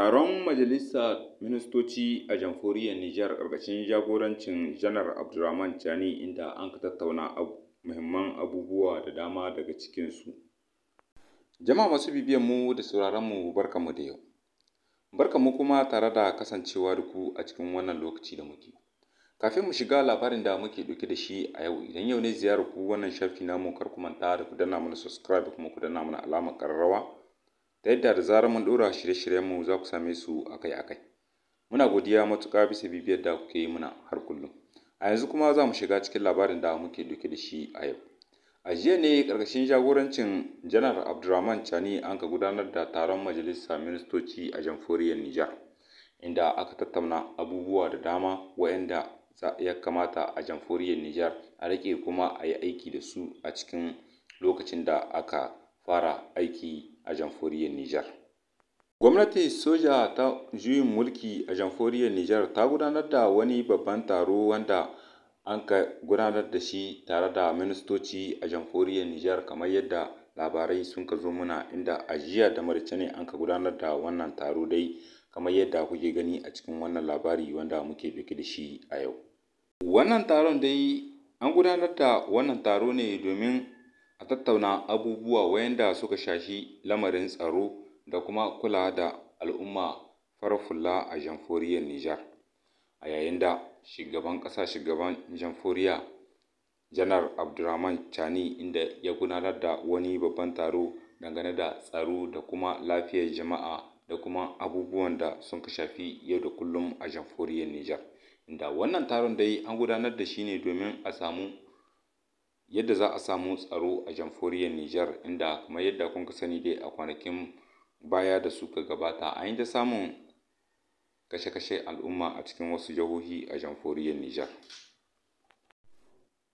Taron majalisa Ministoci a Jamhuriyar Nijar ƙarƙashin jagorancin Janar Abdulrahman Chani inda an ka tattauna muhimman abubuwa da dama daga cikinsu. Jama'a masu bibiyan mu da sauraron mu barka mu da yau. barka mu kuma tare da kasancewa da ku a cikin wannan lokaci da muke. Kafin mu shiga labarin da muke ɗauke da shi a yau idan yau ne ziyarar ku wannan shafi namu kar ku manta da ku danna mana subscribe kuma ku danna mana alamar ƙararrawa ta yadda da zarar mun ɗora shirye-shiryenmu za ku same su akai-akai. Muna godiya matuƙa bisa bibiyar da kuke yi muna har kullum. A yanzu kuma za mu shiga cikin labarin da muke ɗauke da shi a yau. A jiya ne ƙarƙashin jagorancin Janar abdulrahman Chani an ka gudanar da taron Majalisa ministoci a jamhuriyar Nijar, inda aka tattauna abubuwa da dama waɗanda ya kamata a jamhuriyar Nijar a rike kuma a yi aiki da su a cikin lokacin da aka fara aiki a jamhuriyar Nijar. Gwamnatin soja ta juyin mulki a jamhuriyar Nijar ta gudanar da wani babban taro wanda an ka gudanar da shi tare da ministoci a jamhuriyar Nijar kamar yadda labarai sun ka zo muna inda ajiya jiya da marice ne an ka gudanar da wannan taro dai kamar yadda kuke gani a cikin wannan labari wanda muke biki da shi a yau. Wannan taron dai an gudanar da wannan taro ne domin a tattauna abubuwa wayanda suka shafi lamarin tsaro da kuma kula da al'umma farfula a Jamhuriyar Nijar, a yayin da Shugaban ƙasa Shugaban jamfuriya Janar abdulrahman Chani inda ya gudanar da wani babban taro dangane da tsaro da kuma lafiyar jama'a da kuma abubuwan da suka shafi yau da kullum a jamfuriyar Nijar, inda wannan taron dai an gudanar da shi ne domin a samu yadda za a samu tsaro a jamhuriyar Nijar inda kamar yadda kun ka sani dai a kwanakin baya da suka gabata a yi ta samun kashe-kashe al'umma a cikin wasu jihohi a jamhuriyar Nijar.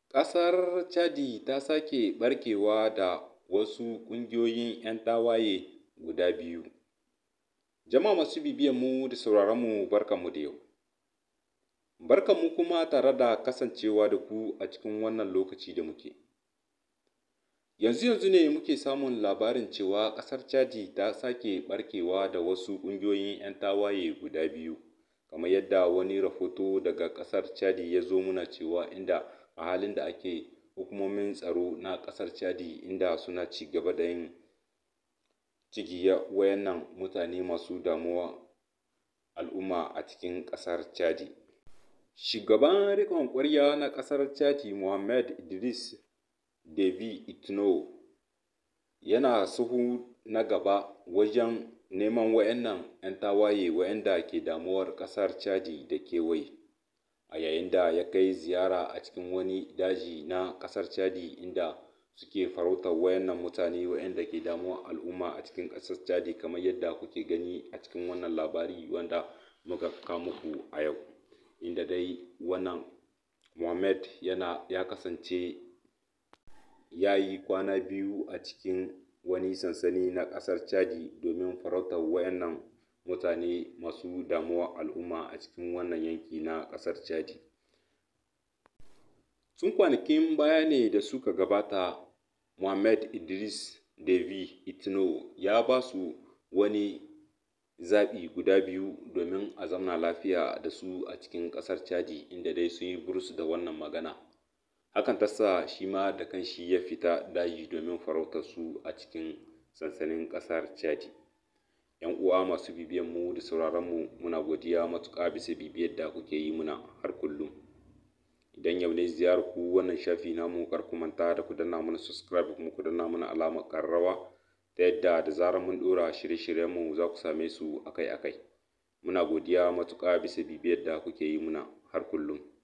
Ƙasar Chadi ta sake barkewa da wasu ƙungiyoyin 'yan tawaye guda biyu. Jama'a masu bibiyan mu da sauraron mu mu da yau. mu kuma tare da kasancewa da ku a cikin wannan lokaci da muke. Yanzu yanzu ne muke samun labarin cewa ƙasar caji ta sake barkewa da wasu ƙungiyoyin 'yan tawaye guda biyu, kamar yadda wani rahoto daga ƙasar caji ya zo muna cewa inda a halin da ake hukumomin tsaro na ƙasar caji inda suna ci gaba da yin cigiya wayannan mutane masu damuwa al'umma a cikin ƙasar caji. Shugaban riƙon ƙwarya na ƙasar Chadi mohammed Idris Deby Itno yana suhu na gaba wajen neman waɗannan ‘yan tawaye waɗanda ke damuwar ƙasar Chadi da kewaye, a yayin da ya kai ziyara a cikin wani daji na ƙasar Chadi inda suke farautar waɗannan mutane waɗanda ke damuwar al'umma a cikin ƙasar Chadi kamar yadda kuke gani a cikin wannan labari wanda muka kawo muku a yau. inda dai wannan Mohammed yana ya kasance ya yi kwana biyu a cikin wani sansani na ƙasar Chadi domin farautar wayannan mutane masu damuwa al'umma a cikin wannan yanki na ƙasar Chadi. Tun kwanakin baya ne da suka gabata Mohammed Idris Devi Itno ya ba su wani zaɓi guda biyu domin a zamna lafiya da su a cikin ƙasar Chadi inda dai sun yi burus da wannan magana. Hakan ta sa shi ma da shi ya fita daji domin farautar su a cikin sansanin ƙasar Chadi. 'Yan uwa masu bibiyan mu da sauraron mu muna godiya matuƙa bisa bibiyar da kuke yi muna har kullum. Idan yau ne ziyarar ku wannan shafi namu kar ku manta da ku danna mana subscribe kuma ku danna mana alamar ƙararrawa ta yadda da zarar mun ɗora shirye-shiryenmu za ku same su akai-akai. Muna godiya matuƙa bisa bibiyar da kuke yi muna har kullum.